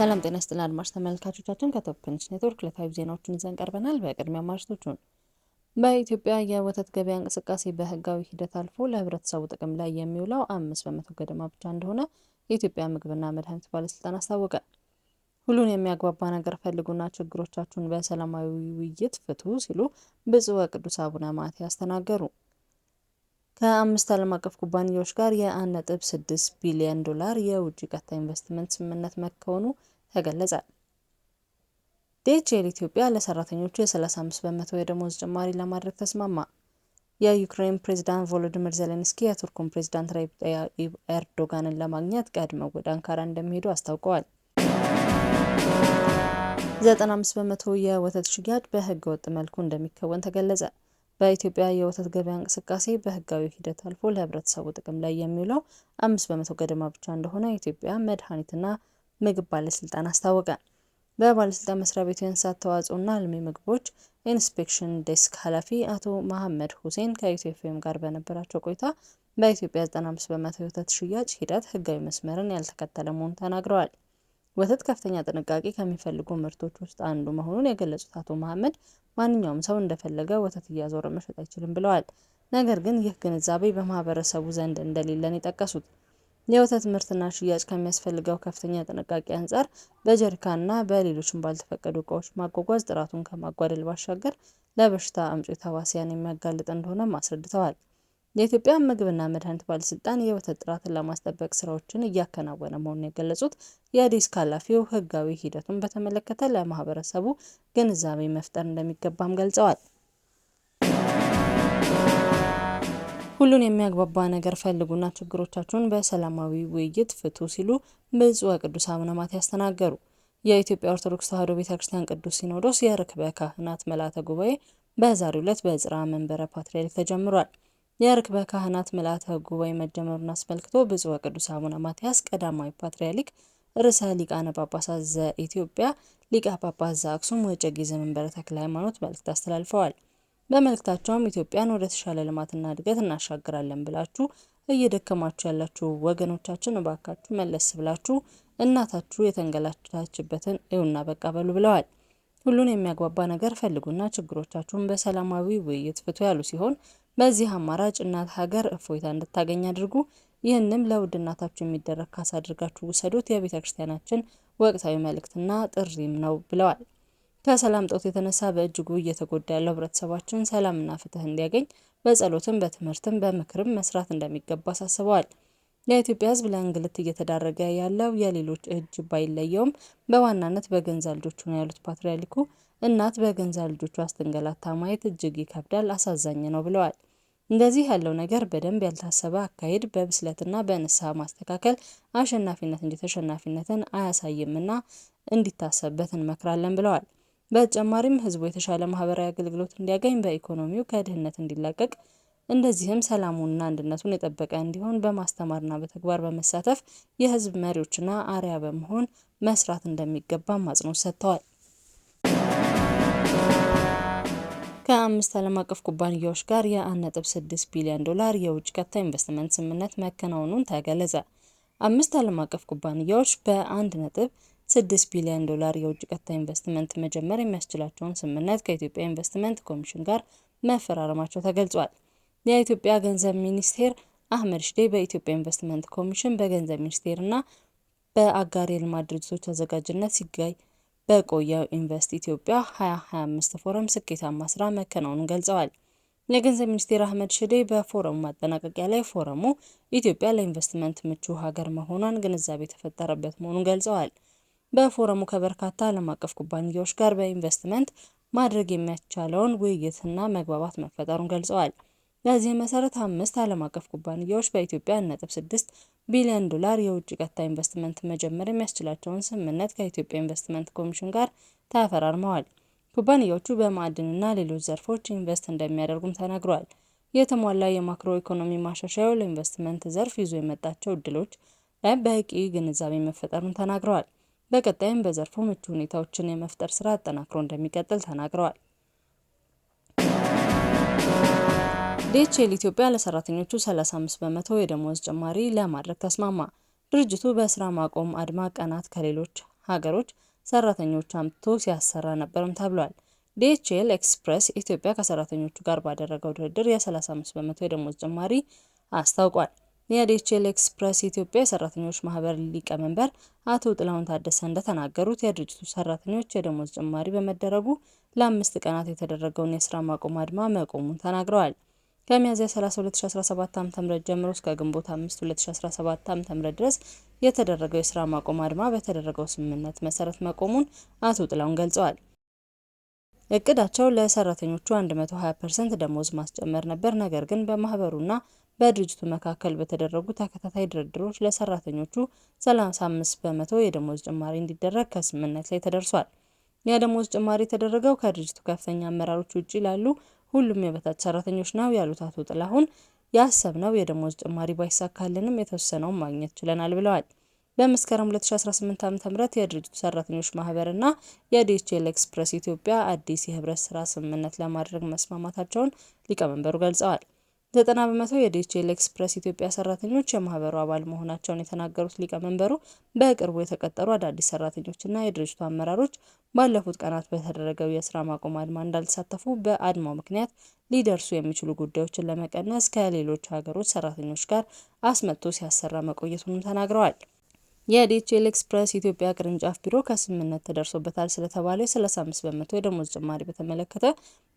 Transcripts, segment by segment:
ሰላም ጤና ስጥል አድማጭ ተመልካቾቻችን ከቶፕንች ኔትወርክ ዕለታዊ ዜናዎችን ይዘን ቀርበናል። በቅድሚያ ማርቶቹን በኢትዮጵያ የወተት ገበያ እንቅስቃሴ በህጋዊ ሂደት አልፎ ለህብረተሰቡ ጥቅም ላይ የሚውለው አምስት በመቶ ገደማ ብቻ እንደሆነ የኢትዮጵያ ምግብና መድኃኒት ባለስልጣን አስታወቀ። ሁሉን የሚያግባባ ነገር ፈልጉና ችግሮቻችሁን በሰላማዊ ውይይት ፍቱ ሲሉ ብፁዕ ወቅዱስ አቡነ ማትያስ ተናገሩ። ከአምስት ዓለም አቀፍ ኩባንያዎች ጋር የ1.6 ቢሊዮን ዶላር የውጭ ቀጥታ ኢንቨስትመንት ስምምነት መከወኑ ተገለጸ። ዲኤችኤል ኢትዮጵያ ለሰራተኞቹ የ35 በመቶ የደሞዝ ጭማሪ ለማድረግ ተስማማ። የዩክሬን ፕሬዝዳንት ቮሎዲሚር ዜሌንስኪ የቱርኩን ፕሬዝዳንት ረጀብ ጣይብ ኤርዶጋንን ለማግኘት ቀድመው ወደ አንካራ እንደሚሄዱ አስታውቀዋል። 95 በመቶ የወተት ሽያጭ በሕገ ወጥ መልኩ እንደሚከወን ተገለጸ። በኢትዮጵያ የወተት ገበያ እንቅስቃሴ በሕጋዊ ሂደት አልፎ ለህብረተሰቡ ጥቅም ላይ የሚውለው 5 በመቶ ገደማ ብቻ እንደሆነ የኢትዮጵያ መድኃኒትና ምግብ ባለስልጣን አስታወቀ። በባለስልጣን መስሪያ ቤቱ የእንስሳት ተዋጽኦና አልሚ ምግቦች ኢንስፔክሽን ዴስክ ኃላፊ አቶ መሐመድ ሁሴን ከኢትዮ ጋር በነበራቸው ቆይታ በኢትዮጵያ 95 በመቶ የወተት ሽያጭ ሂደት ህጋዊ መስመርን ያልተከተለ መሆኑን ተናግረዋል። ወተት ከፍተኛ ጥንቃቄ ከሚፈልጉ ምርቶች ውስጥ አንዱ መሆኑን የገለጹት አቶ መሐመድ ማንኛውም ሰው እንደፈለገ ወተት እያዞረ መሸጥ አይችልም ብለዋል። ነገር ግን ይህ ግንዛቤ በማህበረሰቡ ዘንድ እንደሌለን የጠቀሱት የወተት ምርትና ሽያጭ ከሚያስፈልገው ከፍተኛ ጥንቃቄ አንጻር በጀሪካንና በሌሎችም ባልተፈቀዱ ዕቃዎች ማጓጓዝ ጥራቱን ከማጓደል ባሻገር ለበሽታ አምጪ ተዋሲያን የሚያጋልጥ እንደሆነም አስረድተዋል። የኢትዮጵያ ምግብና መድኃኒት ባለስልጣን የወተት ጥራትን ለማስጠበቅ ስራዎችን እያከናወነ መሆኑን የገለጹት የዲስክ ኃላፊው ህጋዊ ሂደቱን በተመለከተ ለማህበረሰቡ ግንዛቤ መፍጠር እንደሚገባም ገልጸዋል። ሁሉን የሚያግባባ ነገር ፈልጉና ችግሮቻችሁን በሰላማዊ ውይይት ፍቱ ሲሉ ብፁዕ ወቅዱስ አቡነ ማትያስ ተናገሩ። የኢትዮጵያ ኦርቶዶክስ ተዋሕዶ ቤተ ክርስቲያን ቅዱስ ሲኖዶስ የርክበ ካህናት ምልዓተ ጉባኤ በዛሬው ዕለት በጽርሐ መንበረ ፓትርያርክ ተጀምሯል። የርክበ ካህናት ምልዓተ ጉባኤ መጀመሩን አስመልክቶ ብፁዕ ወቅዱስ አቡነ ማትያስ ቀዳማዊ ፓትርያርክ ርዕሰ ሊቃነ ጳጳሳት ዘኢትዮጵያ ሊቀ ጳጳስ ዘአክሱም ወዕጨጌ ዘመንበረ ተክለ ሃይማኖት መልእክት አስተላልፈዋል። በመልእክታቸውም ኢትዮጵያን ወደ ተሻለ ልማትና እድገት እናሻግራለን ብላችሁ እየደከማችሁ ያላችሁ ወገኖቻችን እባካችሁ መለስ ብላችሁ እናታችሁ የተንገላታችበትን እዩና በቃ በሉ ብለዋል። ሁሉን የሚያግባባ ነገር ፈልጉና ችግሮቻችሁን በሰላማዊ ውይይት ፍቱ ያሉ ሲሆን በዚህ አማራጭ እናት ሀገር እፎይታ እንድታገኝ አድርጉ። ይህንም ለውድ እናታችሁ የሚደረግ ካሳ አድርጋችሁ ውሰዱት የቤተ ክርስቲያናችን ወቅታዊ መልእክትና ጥሪም ነው ብለዋል። ከሰላም ጦት የተነሳ በእጅጉ እየተጎዳ ያለው ህብረተሰባችን ሰላምና ፍትህ እንዲያገኝ በጸሎትም በትምህርትም በምክርም መስራት እንደሚገባ አሳስበዋል። የኢትዮጵያ ህዝብ ለእንግልት እየተዳረገ ያለው የሌሎች እጅ ባይለየውም በዋናነት በገንዛ ልጆቹ ነው ያሉት ፓትርያርኩ፣ እናት በገንዛ ልጆቹ ስትንገላታ ማየት እጅግ ይከብዳል፣ አሳዛኝ ነው ብለዋል። እንደዚህ ያለው ነገር በደንብ ያልታሰበ አካሄድ በብስለትና በንስሐ ማስተካከል አሸናፊነት እንጂ ተሸናፊነትን አያሳይምና እንዲታሰብበት እንመክራለን ብለዋል። በተጨማሪም ህዝቡ የተሻለ ማህበራዊ አገልግሎት እንዲያገኝ፣ በኢኮኖሚው ከድህነት እንዲላቀቅ እንደዚህም ሰላሙንና አንድነቱን የጠበቀ እንዲሆን በማስተማርና በተግባር በመሳተፍ የህዝብ መሪዎችና አሪያ በመሆን መስራት እንደሚገባም አጽንኦት ሰጥተዋል። ከአምስት ዓለም አቀፍ ኩባንያዎች ጋር የ1.6 ቢሊዮን ዶላር የውጭ ቀጥታ ኢንቨስትመንት ስምምነት መከናወኑን ተገለጸ። አምስት ዓለም አቀፍ ኩባንያዎች በ ነጥብ ስድስት ቢሊዮን ዶላር የውጭ ቀጥታ ኢንቨስትመንት መጀመር የሚያስችላቸውን ስምምነት ከኢትዮጵያ ኢንቨስትመንት ኮሚሽን ጋር መፈራረማቸው ተገልጿል። የኢትዮጵያ ገንዘብ ሚኒስቴር አህመድ ሽዴ በኢትዮጵያ ኢንቨስትመንት ኮሚሽን በገንዘብ ሚኒስቴርና በአጋር የልማት ድርጅቶች አዘጋጅነት ሲጋይ በቆየው ኢንቨስት ኢትዮጵያ 2025 ፎረም ስኬታማ ስራ መከናወኑን ገልጸዋል። የገንዘብ ሚኒስቴር አህመድ ሽዴ በፎረሙ ማጠናቀቂያ ላይ ፎረሙ ኢትዮጵያ ለኢንቨስትመንት ምቹ ሀገር መሆኗን ግንዛቤ የተፈጠረበት መሆኑን ገልጸዋል። በፎረሙ ከበርካታ ዓለም አቀፍ ኩባንያዎች ጋር በኢንቨስትመንት ማድረግ የሚያስችለውን ውይይትና መግባባት መፈጠሩን ገልጸዋል። በዚህ መሰረት አምስት ዓለም አቀፍ ኩባንያዎች በኢትዮጵያ 1.6 ቢሊዮን ዶላር የውጭ ቀጥታ ኢንቨስትመንት መጀመር የሚያስችላቸውን ስምምነት ከኢትዮጵያ ኢንቨስትመንት ኮሚሽን ጋር ተፈራርመዋል። ኩባንያዎቹ በማዕድንና ሌሎች ዘርፎች ኢንቨስት እንደሚያደርጉም ተነግሯል። የተሟላ የማክሮ ኢኮኖሚ ማሻሻያው ለኢንቨስትመንት ዘርፍ ይዞ የመጣቸው እድሎች ላይ በቂ ግንዛቤ መፈጠሩን ተናግረዋል። በቀጣይም በዘርፉ ምቹ ሁኔታዎችን የመፍጠር ስራ አጠናክሮ እንደሚቀጥል ተናግረዋል። ዲኤችኤል ኢትዮጵያ ለሰራተኞቹ 35 በመቶ የደሞዝ ጭማሪ ለማድረግ ተስማማ። ድርጅቱ በስራ ማቆም አድማ ቀናት ከሌሎች ሀገሮች ሰራተኞች አምጥቶ ሲያሰራ ነበርም ተብሏል። ዲኤችኤል ኤክስፕሬስ ኢትዮጵያ ከሰራተኞቹ ጋር ባደረገው ድርድር የ35 በመቶ የደሞዝ ጭማሪ አስታውቋል። የዲኤችኤል ኤክስፕረስ ኢትዮጵያ የሰራተኞች ማህበር ሊቀመንበር አቶ ጥላሁን ታደሰ እንደተናገሩት የድርጅቱ ሰራተኞች የደሞዝ ጭማሪ በመደረጉ ለአምስት ቀናት የተደረገውን የስራ ማቆም አድማ መቆሙን ተናግረዋል። ከሚያዝያ 30 2017 ዓ.ም ጀምሮ እስከ ግንቦት 5 2017 ዓ.ም ድረስ የተደረገው የስራ ማቆም አድማ በተደረገው ስምምነት መሰረት መቆሙን አቶ ጥላሁን ገልጸዋል። እቅዳቸው ለሰራተኞቹ 120 ፐርሰንት ደሞዝ ማስጨመር ነበር። ነገር ግን በማህበሩና በድርጅቱ መካከል በተደረጉ ተከታታይ ድርድሮች ለሰራተኞቹ 35 በመቶ የደሞዝ ጭማሪ እንዲደረግ ከስምምነት ላይ ተደርሷል። የደሞዝ ጭማሪ የተደረገው ከድርጅቱ ከፍተኛ አመራሮች ውጭ ላሉ ሁሉም የበታች ሰራተኞች ነው ያሉት አቶ ጥላሁን ያሰብነው የደሞዝ ጭማሪ ባይሳካልንም የተወሰነውን ማግኘት ችለናል ብለዋል። በመስከረም 2018 ዓ ም የድርጅቱ ሰራተኞች ማህበርና የዲኤችኤል ኤክስፕረስ ኢትዮጵያ አዲስ የህብረት ስራ ስምምነት ለማድረግ መስማማታቸውን ሊቀመንበሩ ገልጸዋል። ዘጠና በመቶ የዲኤችኤል ኤክስፕረስ ኢትዮጵያ ሰራተኞች የማህበሩ አባል መሆናቸውን የተናገሩት ሊቀመንበሩ በቅርቡ የተቀጠሩ አዳዲስ ሰራተኞችና የድርጅቱ አመራሮች ባለፉት ቀናት በተደረገው የስራ ማቆም አድማ እንዳልተሳተፉ በአድማው ምክንያት ሊደርሱ የሚችሉ ጉዳዮችን ለመቀነስ ከሌሎች ሀገሮች ሰራተኞች ጋር አስመጥቶ ሲያሰራ መቆየቱንም ተናግረዋል። የዲኤችኤል ኤክስፕረስ ኢትዮጵያ ቅርንጫፍ ቢሮ ከስምምነት ተደርሶበታል ስለተባለው የ35 በመቶ የደሞዝ ጭማሪ በተመለከተ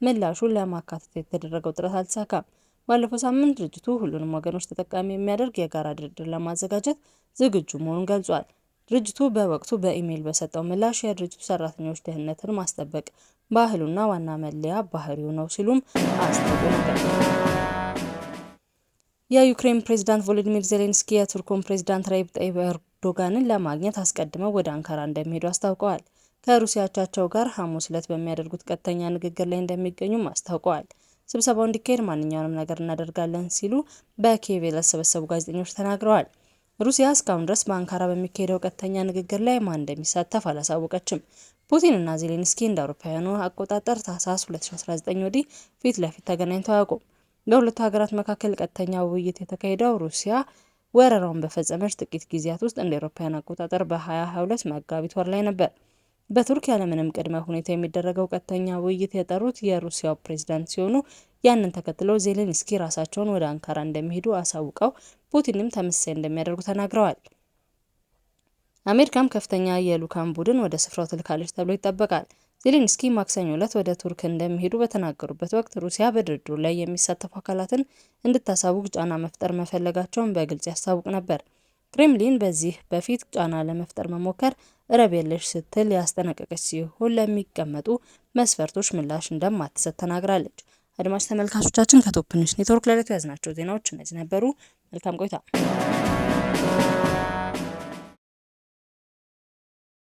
ምላሹን ለማካተት የተደረገው ጥረት አልተሳካም። ባለፈው ሳምንት ድርጅቱ ሁሉንም ወገኖች ተጠቃሚ የሚያደርግ የጋራ ድርድር ለማዘጋጀት ዝግጁ መሆኑን ገልጿል። ድርጅቱ በወቅቱ በኢሜይል በሰጠው ምላሽ የድርጅቱ ሰራተኞች ደህንነትን ማስጠበቅ ባህሉና ዋና መለያ ባህሪው ነው ሲሉም አስታውቆ ነበር። የዩክሬን ፕሬዚዳንት ቮሎዲሚር ዜሌንስኪ የቱርኩን ፕሬዚዳንት ረይብ ጠይብ ኤርዶጋንን ለማግኘት አስቀድመው ወደ አንካራ እንደሚሄዱ አስታውቀዋል። ከሩሲያቻቸው ጋር ሐሙስ ዕለት በሚያደርጉት ቀጥተኛ ንግግር ላይ እንደሚገኙም አስታውቀዋል። ስብሰባው እንዲካሄድ ማንኛውንም ነገር እናደርጋለን ሲሉ በኪየቭ ለተሰበሰቡ ጋዜጠኞች ተናግረዋል። ሩሲያ እስካሁን ድረስ በአንካራ በሚካሄደው ቀጥተኛ ንግግር ላይ ማን እንደሚሳተፍ አላሳወቀችም። ፑቲን እና ዜሌንስኪ እንደ አውሮፓውያኑ አቆጣጠር ታህሳስ 2019 ወዲህ ፊት ለፊት ተገናኝተው አያውቁም። በሁለቱ ሀገራት መካከል ቀጥተኛ ውይይት የተካሄደው ሩሲያ ወረራውን በፈጸመች ጥቂት ጊዜያት ውስጥ እንደ አውሮፓውያን አቆጣጠር በ2022 መጋቢት ወር ላይ ነበር። በቱርክ ያለምንም ቅድመ ሁኔታ የሚደረገው ቀጥተኛ ውይይት የጠሩት የሩሲያው ፕሬዝዳንት ሲሆኑ ያንን ተከትሎ ዜሌንስኪ ራሳቸውን ወደ አንካራ እንደሚሄዱ አሳውቀው ፑቲንም ተመሳሳይ እንደሚያደርጉ ተናግረዋል። አሜሪካም ከፍተኛ የልዑካን ቡድን ወደ ስፍራው ትልካለች ተብሎ ይጠበቃል። ዜሌንስኪ ማክሰኞ ዕለት ወደ ቱርክ እንደሚሄዱ በተናገሩበት ወቅት ሩሲያ በድርድሩ ላይ የሚሳተፉ አካላትን እንድታሳውቅ ጫና መፍጠር መፈለጋቸውን በግልጽ ያስታውቅ ነበር። ክሬምሊን በዚህ በፊት ጫና ለመፍጠር መሞከር ረብ የለሽ ስትል ያስጠነቀቀች ሲሆን ለሚቀመጡ መስፈርቶች ምላሽ እንደማትሰጥ ተናግራለች። አድማጭ ተመልካቾቻችን ከቶፕንሽ ኔትወርክ ለዕለቱ ያዝናቸው ዜናዎች እነዚህ ነበሩ። መልካም ቆይታ